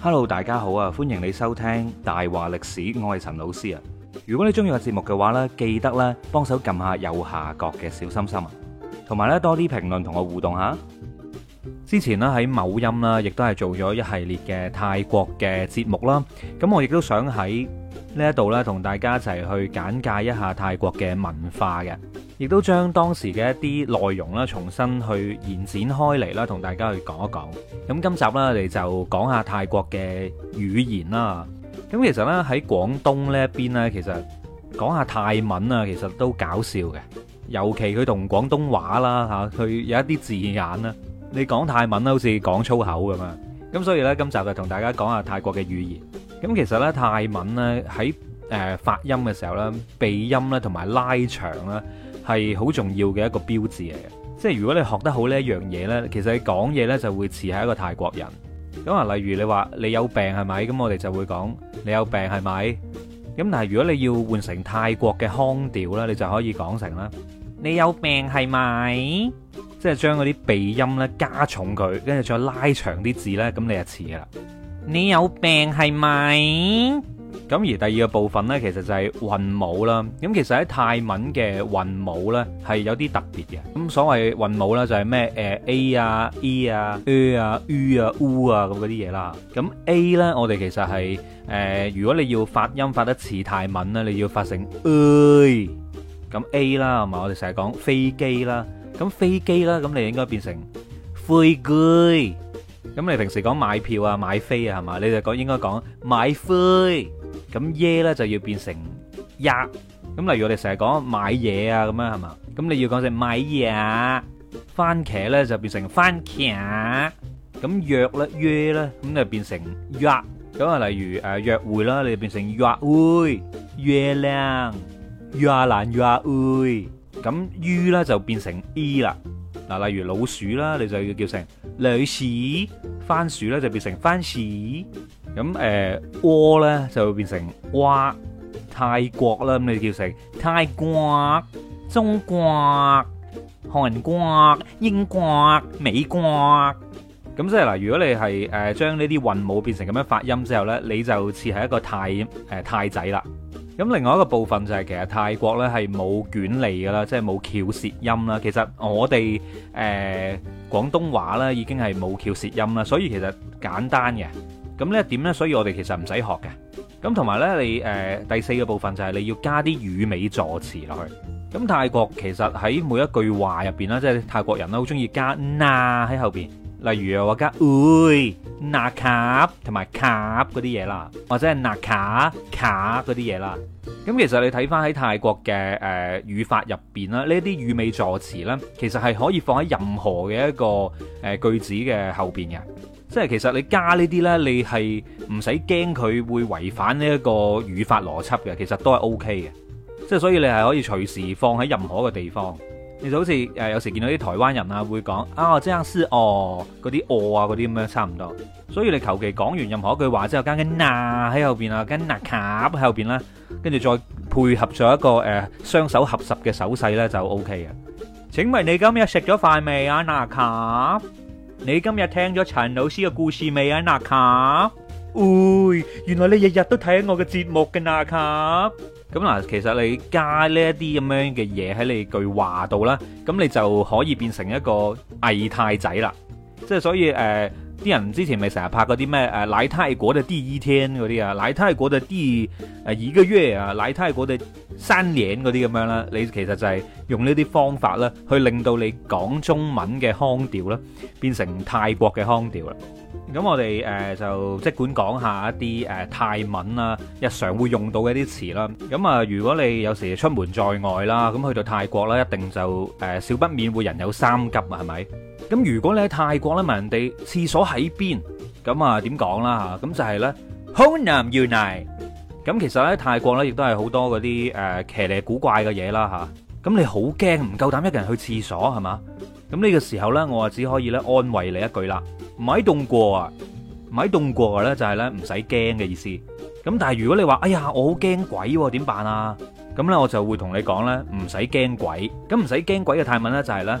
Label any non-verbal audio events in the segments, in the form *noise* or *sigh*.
Hello，大家好啊！歡迎你收聽大話歷史，我係陳老師啊！如果你中意我節目嘅話呢，記得咧幫手撳下右下角嘅小心心啊，同埋呢多啲評論同我互動下。之前呢，喺某音啦，亦都係做咗一系列嘅泰國嘅節目啦。咁我亦都想喺呢一度呢，同大家一齊去簡介一下泰國嘅文化嘅。亦都將當時嘅一啲內容啦，重新去延展開嚟啦，同大家去講一講。咁今集呢，我哋就講下泰國嘅語言啦。咁其實呢，喺廣東呢一邊呢，其實講下泰文啊，其實都搞笑嘅。尤其佢同廣東話啦嚇，佢、啊、有一啲字眼啦，你講泰文好似講粗口咁啊。咁所以呢，今集就同大家講下泰國嘅語言。咁其實呢，泰文呢，喺誒、呃、發音嘅時候呢，鼻音咧同埋拉長啦。係好重要嘅一個標誌嚟嘅，即係如果你學得好呢一樣嘢呢，其實你講嘢呢就會似係一個泰國人。咁啊，例如你話你有病係咪？咁我哋就會講你有病係咪？咁但係如果你要換成泰國嘅腔調呢，你就可以講成啦，你有病係咪？即係將嗰啲鼻音呢加重佢，跟住再拉長啲字呢，咁你就似嘅啦。你有病係咪？咁而第二個部分咧，其實就係韻母啦。咁其實喺泰文嘅韻母咧係有啲特別嘅。咁所謂韻母咧就係咩？誒 a 啊、e 啊、a 啊、u 啊、u 啊咁嗰啲嘢啦。咁 a 咧，我哋其實係誒，如果你要發音發得似泰文咧，你要發成 a。咁 a 啦，係嘛？我哋成日講飛機啦，咁飛機啦，咁你應該變成飛機。咁你平時講買票啊、買飛啊，係嘛？你就講應該講買飛。咁耶咧就要變成呀，咁例如我哋成日講買嘢啊，咁樣係嘛？咁你要講成買嘢啊。番茄咧就變成番茄，咁約咧、約咧咁就變成約，咁啊例如誒約會啦，你就變成約會。月亮、約難、約會。咁於咧就變成 e 啦，嗱例如老鼠啦，你就要叫成女士；番薯咧就變成番薯。咁誒，鍋咧、嗯哦、就會變成國，泰國啦，咁你叫成泰國、中國、韓國、英國、美國。咁即係嗱，如果你係誒將呢啲韻母變成咁樣發音之後咧，你就似係一個泰誒、呃、泰仔啦。咁另外一個部分就係、是、其實泰國咧係冇捲脷㗎啦，即係冇翹舌音啦。其實我哋誒廣東話咧已經係冇翹舌音啦，所以其實簡單嘅。咁呢一點呢，所以我哋其實唔使學嘅。咁同埋呢，你誒、呃、第四個部分就係你要加啲語尾助詞落去。咁泰國其實喺每一句話入邊呢，即係泰國人咧好中意加 na 喺後邊，例如又話加 ui、na 卡同埋卡嗰啲嘢啦，或者係 na 卡卡嗰啲嘢啦。咁其實你睇翻喺泰國嘅誒語法入邊啦，呢啲語尾助詞呢，其實係可以放喺任何嘅一個誒句子嘅後邊嘅。即係其實你加呢啲呢，你係唔使驚佢會違反呢一個語法邏輯嘅，其實都係 O K 嘅。即係所以你係可以隨時放喺任何一個地方。你就好似誒、呃、有時見到啲台灣人啊，會講啊即真係餓嗰啲哦啊嗰啲咁樣差唔多。所以你求其講完任何一句話之後加緊啊喺後邊啊，跟那卡喺後邊呢，跟住再配合咗一個誒、呃、雙手合十嘅手勢呢，就 O K 嘅。請問你今日食咗飯未啊？那卡。你今日聽咗陳老師嘅故事未啊，娜卡？哦，原來你日日都睇我嘅節目嘅娜卡。咁、呃、嗱，其實你加呢一啲咁樣嘅嘢喺你句話度啦，咁你就可以變成一個偽泰仔啦。即係所以誒。呃啲人之前咪成日拍嗰啲咩誒來泰國的第一天嗰啲啊，來泰國的第誒二個月啊，來泰國的三年嗰啲咁樣啦，你其實就係用呢啲方法啦，去令到你講中文嘅腔調啦，變成泰國嘅腔調啦。咁我哋誒就即管講一下一啲誒泰文啦，日常會用到嘅啲詞啦。咁啊，如果你有時出門在外啦，咁去到泰國啦，一定就誒少不免會人有三急啊，係咪？咁如果你喺泰國咧，問人哋廁所喺邊，咁啊點講啦吓，咁就係咧，hong nam yu nai。咁 *noise* *noise* 其實咧，泰國咧亦都係好多嗰啲誒騎呢古怪嘅嘢啦吓，咁你好驚唔夠膽一個人去廁所係嘛？咁呢個時候咧，我啊只可以咧安慰你一句啦，唔喺凍過啊，唔喺凍過咧就係咧唔使驚嘅意思。咁但係如果你話，哎呀，我好驚鬼喎，點辦啊？咁咧我就會同你講咧，唔使驚鬼。咁唔使驚鬼嘅泰文咧就係、是、咧。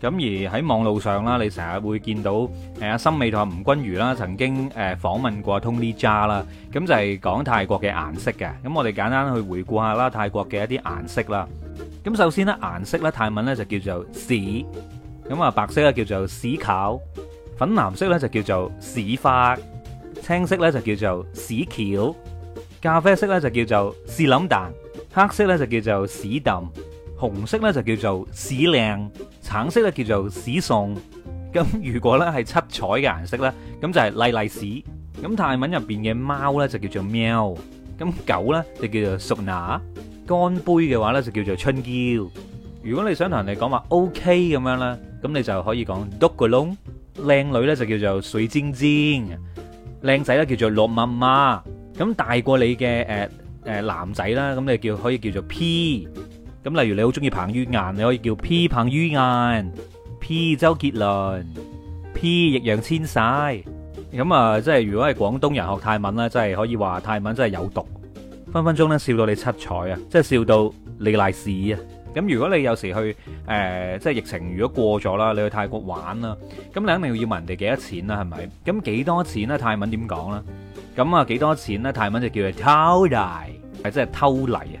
咁而喺網路上啦，你成日會見到誒阿森美同阿吳君如啦，曾經誒訪問過 Tony Jaa 啦。咁就係講泰國嘅顏色嘅。咁我哋簡單去回顧下啦，泰國嘅一啲顏色啦。咁首先咧，顏色咧，泰文咧就叫做屎咁啊。白色咧叫做屎考，粉藍色咧就叫做屎花，青色咧就叫做屎橋，咖啡色咧就叫做屎冧蛋，黑色咧就叫做屎抌，紅色咧就叫做屎靚。橙色咧叫做屎送，咁如果咧係七彩嘅顏色咧，咁就係麗麗屎。咁泰文入邊嘅貓咧就叫做喵，咁狗咧就叫做淑拿。乾杯嘅話咧就叫做春嬌。如果你想同人哋講話 OK 咁樣咧，咁你就可以講 do klong。靚女咧就叫做水晶晶，靚仔咧叫做落乜乜。咁大過你嘅誒誒男仔啦，咁你叫可以叫做 P。咁例如你好中意彭于晏，你可以叫 P 彭于晏、P 周杰倫、P 易烊千璽。咁啊，即係如果係廣東人學泰文啦，即係可以話泰文真係有毒，分分鐘咧笑到你七彩啊，即係笑到你瀨屎啊！咁如果你有時去誒、呃，即係疫情如果過咗啦，你去泰國玩啦，咁你肯定要問人哋幾多錢啦，係咪？咁幾多錢咧？泰文點講咧？咁啊，幾多錢咧？泰文就叫做偷嚟，係即係偷嚟。啊！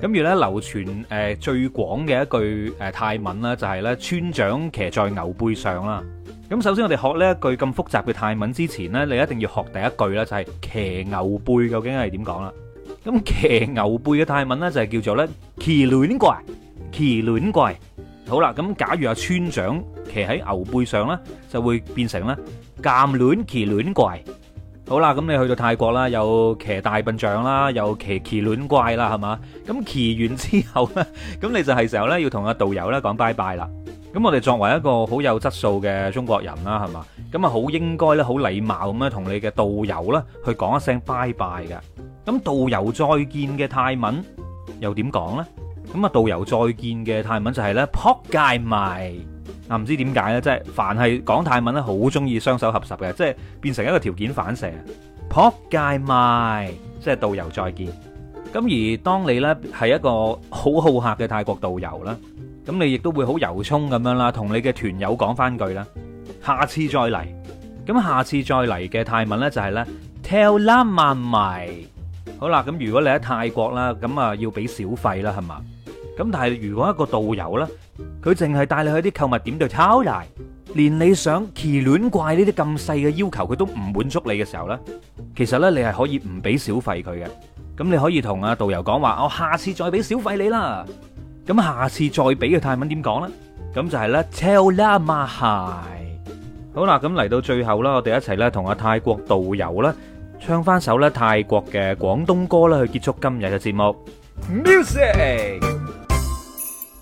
咁而咧流傳誒最廣嘅一句誒泰文啦，就係咧村長騎在牛背上啦。咁首先我哋學呢一句咁複雜嘅泰文之前咧，你一定要學第一句啦，就係騎牛背究竟係點講啦？咁騎牛背嘅泰文咧就係叫做咧騎卵怪，騎卵怪。好啦，咁假如阿村長騎喺牛背上咧，就會變成咧鑑卵騎卵怪。好啦，咁你去到泰國啦，有騎大笨象啦，有騎騎戀怪啦，係嘛？咁騎完之後呢，咁你就係時候呢，要同阿導遊呢講拜拜啦。咁我哋作為一個好有質素嘅中國人啦，係嘛？咁啊，好應該呢，好禮貌咁呢，同你嘅導遊呢去講一聲拜拜嘅。咁導遊再見嘅泰文又點講呢？咁啊，導遊再見嘅泰文就係呢撲街賣。啊，唔知點解咧，即係凡係講泰文咧，好中意雙手合十嘅，即係變成一個條件反射。撲街賣，即係導遊再見。咁而當你呢係一個好好客嘅泰國導遊啦，咁你亦都會好由衷咁樣啦，同你嘅團友講翻句啦，下次再嚟。咁下次再嚟嘅泰文呢，就係，就係呢：「tell my my。好啦，咁如果你喺泰國啦，咁啊要俾小費啦，係嘛？咁但係如果一個導遊咧，佢淨係帶你去啲購物點度抄賴，連你想奇戀怪呢啲咁細嘅要求佢都唔滿足你嘅時候咧，其實咧你係可以唔俾小費佢嘅。咁你可以同啊導遊講話，我下次再俾小費你啦。咁下次再俾嘅泰文點講咧？咁就係咧，tell la mahai。好啦，咁嚟到最後啦，我哋一齊咧同啊泰國導遊啦唱翻首咧泰國嘅廣東歌啦，去結束今日嘅節目。Music。